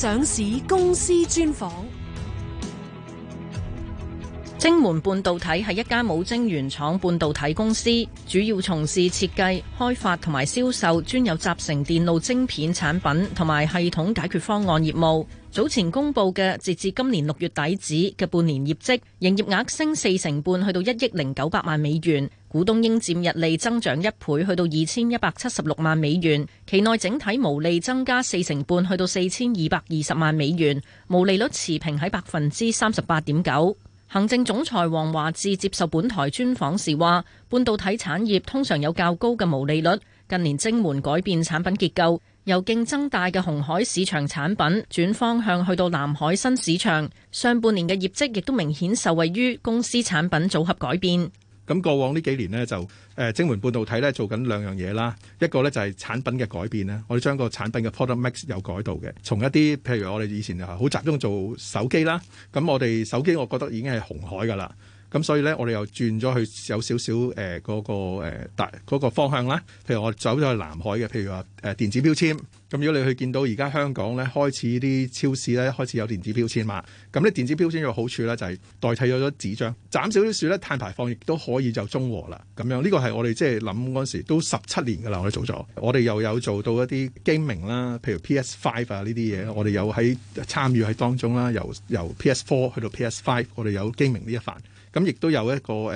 上市公司專訪。晶門半導體係一家冇晶圓廠半導體公司，主要從事設計、開發同埋銷售專有集成電路晶片產品同埋系統解決方案業務。早前公布嘅截至今年六月底止嘅半年業績，營業額升四成半，去到一億零九百萬美元；股東應佔溢利增長一倍，去到二千一百七十六萬美元。期內整體毛利增加四成半，去到四千二百二十萬美元，毛利率持平喺百分之三十八點九。行政總裁王華志接受本台專訪時話，半導體產業通常有較高嘅毛利率，近年晶門改變產品結構，由競爭大嘅紅海市場產品轉方向去到藍海新市場。上半年嘅業績亦都明顯受惠於公司產品組合改變。咁過往呢幾年呢，就誒晶門半導體咧做緊兩樣嘢啦，一個咧就係產品嘅改變咧，我哋將個產品嘅 product mix 有改動嘅，從一啲譬如我哋以前啊好集中做手機啦，咁我哋手機我覺得已經係紅海噶啦。咁所以咧，我哋又轉咗去有少少誒嗰、呃那個大嗰、呃那個、方向啦。譬如我走咗去南海嘅，譬如話誒、呃、電子標籤。咁、嗯、如果你去見到而家香港咧開始啲超市咧開始有電子標籤嘛。咁、嗯、呢、那個、電子標籤有好處咧，就係、是、代替咗咗紙張，斬少啲樹咧碳排放，亦都可以就中和啦。咁樣呢個係我哋即係諗嗰陣時都十七年噶啦，我哋做咗。我哋又有做到一啲機明啦，譬如 PS Five 啊呢啲嘢，我哋有喺參與喺當中啦。由由 PS Four 去到 PS Five，我哋有機明呢一範。咁亦都有一個誒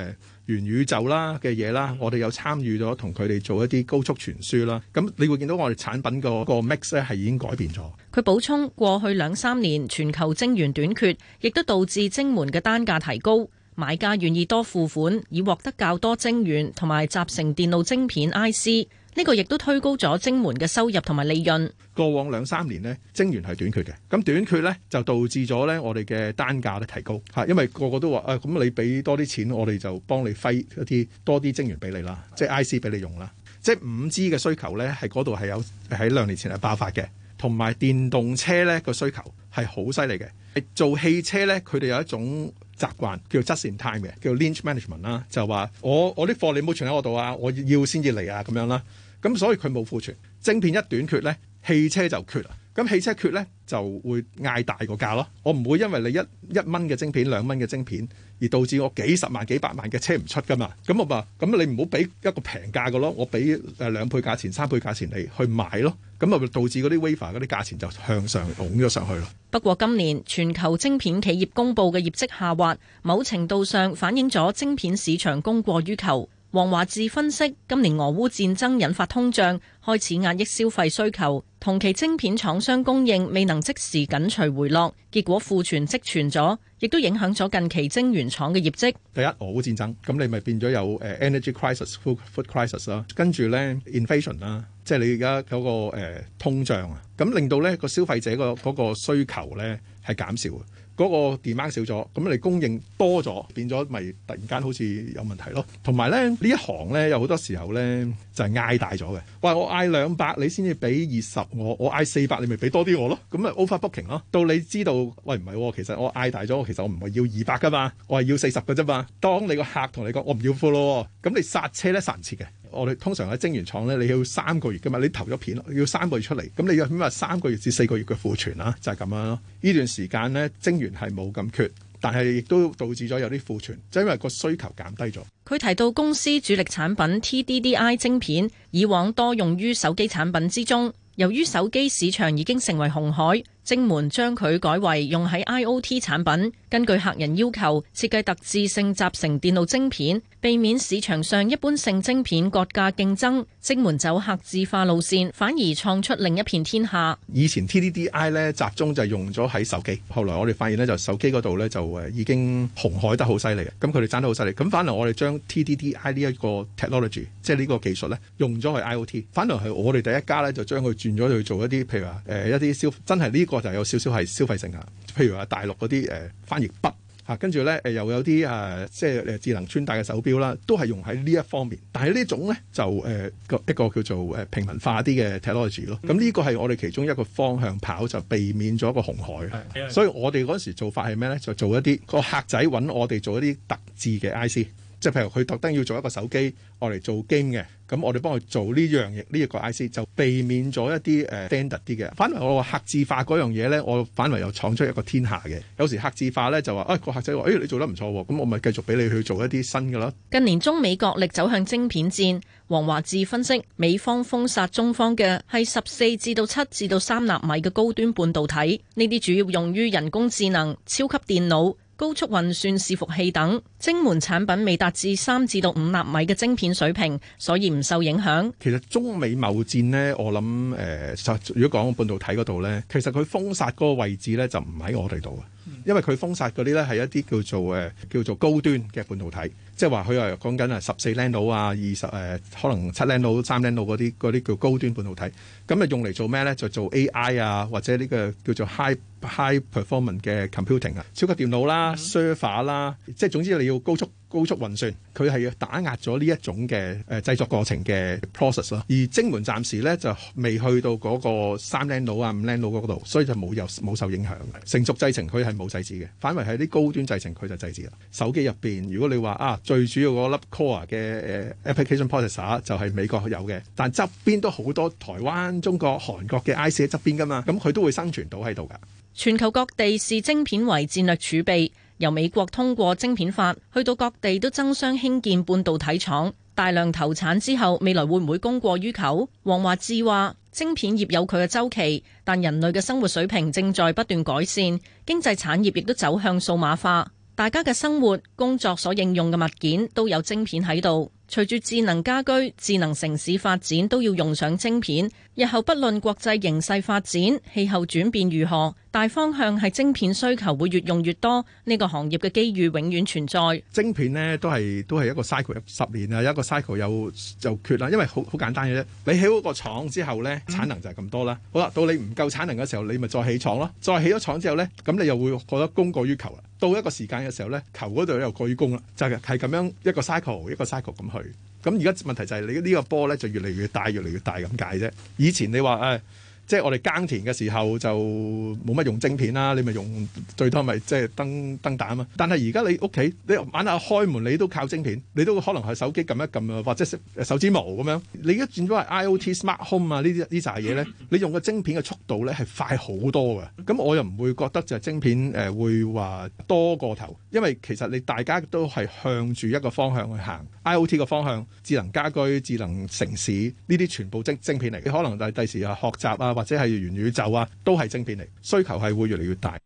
元宇宙啦嘅嘢啦，我哋又參與咗同佢哋做一啲高速傳輸啦。咁你會見到我哋產品個個 mix 咧係已經改變咗。佢補充，過去兩三年全球晶圓短缺，亦都導致晶門嘅單價提高，買家願意多付款以獲得較多晶圓同埋集成電路晶片 IC。呢個亦都推高咗晶圓嘅收入同埋利潤。過往兩三年呢，晶圓係短缺嘅，咁短缺呢，就導致咗呢我哋嘅單價咧提高吓，因為個個都話誒，咁、啊、你俾多啲錢，我哋就幫你揮一啲多啲晶圓俾你啦，即係 IC 俾你用啦。即係五 G 嘅需求呢，係嗰度係有喺兩年前係爆發嘅，同埋電動車呢個需求係好犀利嘅。做汽車呢，佢哋有一種習慣叫 just in time 嘅，叫 lean management 啦，就話我我啲貨你唔好存喺我度啊，我要先至嚟啊，咁樣啦。咁所以佢冇庫存，晶片一短缺呢，汽車就缺喇，咁汽車缺呢，就會嗌大個價咯。我唔會因為你一一蚊嘅晶片、兩蚊嘅晶片，而導致我幾十萬、幾百萬嘅車唔出噶嘛。咁我話，咁你唔好俾一個平價個咯，我俾兩倍價錢、三倍價錢你去買咯。咁咪導致嗰啲 wafer 嗰啲價錢就向上拱咗上去咯。不過今年全球晶片企業公布嘅業績下滑，某程度上反映咗晶片市場供過於求。王華志分析，今年俄烏戰爭引發通脹，開始壓抑消費需求；同期晶片廠商供應未能即時緊隨回落，結果庫存積存咗，亦都影響咗近期晶圓廠嘅業績。第一，俄烏戰爭咁你咪變咗有 energy crisis、food crisis 啦，跟住咧 inflation 啦、那個，即係你而家嗰個通脹啊，咁令到咧個消費者個嗰個需求咧係減少嘅。嗰個 demand 少咗，咁你供應多咗，變咗咪突然間好似有問題咯。同埋咧，呢一行咧有好多時候咧就係嗌大咗嘅。喂，我嗌兩百，你先至俾二十我。我嗌四百，你咪俾多啲我咯。咁咪 overbooking 咯。到你知道，喂，唔係，其實我嗌大咗，其實我唔係要二百噶嘛，我係要四十嘅啫嘛。當你個客同你講我唔要貨咯，咁你剎車咧剎唔切嘅。我哋通常喺晶圓廠咧，你要三個月噶嘛，你投咗片要三個月出嚟，咁你要起碼三個月至四個月嘅庫存啊，就係咁樣咯。呢段時間咧，晶圓係冇咁缺，但係亦都導致咗有啲庫存，就因為個需求減低咗。佢提到公司主力產品 TDDI 晶片，以往多用於手機產品之中，由於手機市場已經成為紅海。晶門將佢改為用喺 IOT 產品，根據客人要求設計特製性集成電路晶片，避免市場上一般性晶片割價競爭。晶門走客製化路線，反而創出另一片天下。以前 TDDI 咧集中就用咗喺手機，後來我哋發現呢就手機嗰度呢就誒已經紅海得好犀利，咁佢哋爭得好犀利。咁反嚟我哋將 TDDI 呢一個 technology，即係呢個技術呢，用咗去 IOT。反嚟係我哋第一家呢就將佢轉咗去做一啲，譬如話誒、呃、一啲消真係呢、這個。就有少少係消費性呀，譬如話大陸嗰啲誒翻譯筆嚇、啊，跟住咧誒又有啲誒、呃、即係智能穿戴嘅手錶啦，都係用喺呢一方面。但係呢種咧就誒、呃、一個叫做誒平民化啲嘅 technology 咯。咁呢個係我哋其中一個方向跑，就避免咗一個紅海。嗯、所以我哋嗰時做法係咩咧？就做一啲、嗰個客仔揾我哋做一啲特製嘅 IC。就譬如佢特登要做一個手機，我嚟做 game 嘅，咁我哋幫佢做呢樣嘢，呢一個 IC 就避免咗一啲誒 standard 啲嘅。反為我話客製化嗰樣嘢呢，我反為又闖出一個天下嘅。有時客製化呢，就話，誒、哎個客仔話，誒、哎、你做得唔錯，咁我咪繼續俾你去做一啲新嘅咯。近年中美角力走向晶片戰，王華志分析，美方封殺中方嘅係十四至到七至到三納米嘅高端半導體，呢啲主要用於人工智能、超級電腦。高速運算伺服器等晶門產品未達至三至到五納米嘅晶片水平，所以唔受影響。其實中美貿戰呢，我諗誒、呃，如果講半導體嗰度呢，其實佢封殺嗰個位置呢，就唔喺我哋度啊。因為佢封殺嗰啲咧係一啲叫做誒叫做高端嘅半導體，即係話佢話講緊啊十四 nano 啊二十誒可能七 nano 三 nano 嗰啲啲叫高端半導體，咁啊用嚟做咩咧？就做 AI 啊或者呢個叫做 high high performance 嘅 computing 啊，超級電腦啦，server、嗯、啦，即係總之你要高速。高速運算，佢係要打壓咗呢一種嘅誒、呃、製作過程嘅 process 咯。而晶門暫時咧就未去到嗰個三 nano 啊、五 nano 嗰度，所以就冇有冇受影響嘅成熟製程，佢係冇制止嘅，反為係啲高端製程佢就制止啦。手機入邊，如果你話啊最主要嗰粒 core 嘅誒 application processor 就係美國有嘅，但側邊都好多台灣、中國、韓國嘅 IC 喺側邊噶嘛，咁佢都會生存到喺度噶。全球各地視晶片為戰略儲備。由美國通過晶片法，去到各地都爭相興建半導體廠，大量投產之後，未來會唔會供過於求？王華志話：晶片業有佢嘅週期，但人類嘅生活水平正在不斷改善，經濟產業亦都走向數碼化，大家嘅生活、工作所應用嘅物件都有晶片喺度。隨住智能家居、智能城市發展，都要用上晶片。日後不論國際形勢發展、氣候轉變如何，大方向係晶片需求會越用越多。呢個行業嘅機遇永遠存在。晶片呢都係都係一個 cycle，十年啊一個 cycle 有就缺啦。因為好好簡單嘅啫，你起好個廠之後呢，產能就係咁多啦。好啦，到你唔夠產能嘅時候，你咪再起廠咯。再起咗廠之後呢，咁你又會覺得供過於求啦。到一個時間嘅時候咧，球嗰度又舉攻啦，就係咁樣一個 cycle 一個 cycle 咁去。咁而家問題就係、是、你呢個波咧就越嚟越大，越嚟越大咁解啫。以前你話誒。哎即係我哋耕田嘅時候就冇乜用晶片啦，你咪用最多咪即係燈燈膽啊！但係而家你屋企你晚下開門你都靠晶片，你都可能係手機撳一撳啊，或者手指模咁樣，你而家轉咗係 IOT smart home 啊呢啲呢扎嘢咧，你用個晶片嘅速度咧係快好多嘅。咁我又唔會覺得就係晶片誒、呃、會話多過頭，因為其實你大家都係向住一個方向去行 IOT 嘅 方向，智能家居、智能城市呢啲全部晶晶片嚟嘅。你可能第第時啊學習啊～或者係元宇宙啊，都係晶片嚟，需求係會越嚟越大。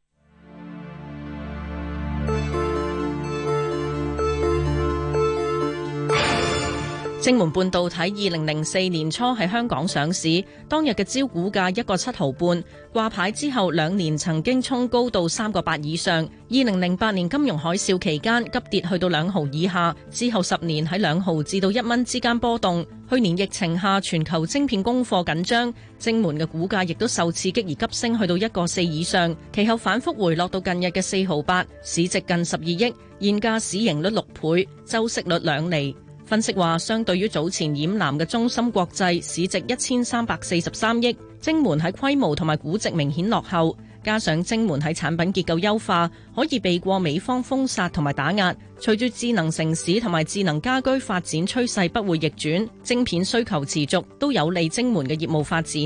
晶門半導體二零零四年初喺香港上市，當日嘅招股價一個七毫半，掛牌之後兩年曾經衝高到三個八以上。二零零八年金融海嘯期間急跌去到兩毫以下，之後十年喺兩毫至到一蚊之間波動。去年疫情下，全球晶片供貨緊張，晶門嘅股價亦都受刺激而急升去到一個四以上，其後反覆回落到近日嘅四毫八，市值近十二億，現價市盈率六倍，周息率兩厘。分析話，相對於早前染藍嘅中芯國際，市值一千三百四十三億，晶門喺規模同埋估值明顯落後，加上晶門喺產品結構優化，可以避過美方封殺同埋打壓。隨住智能城市同埋智能家居發展趨勢不會逆轉，晶片需求持續都有利晶門嘅業務發展。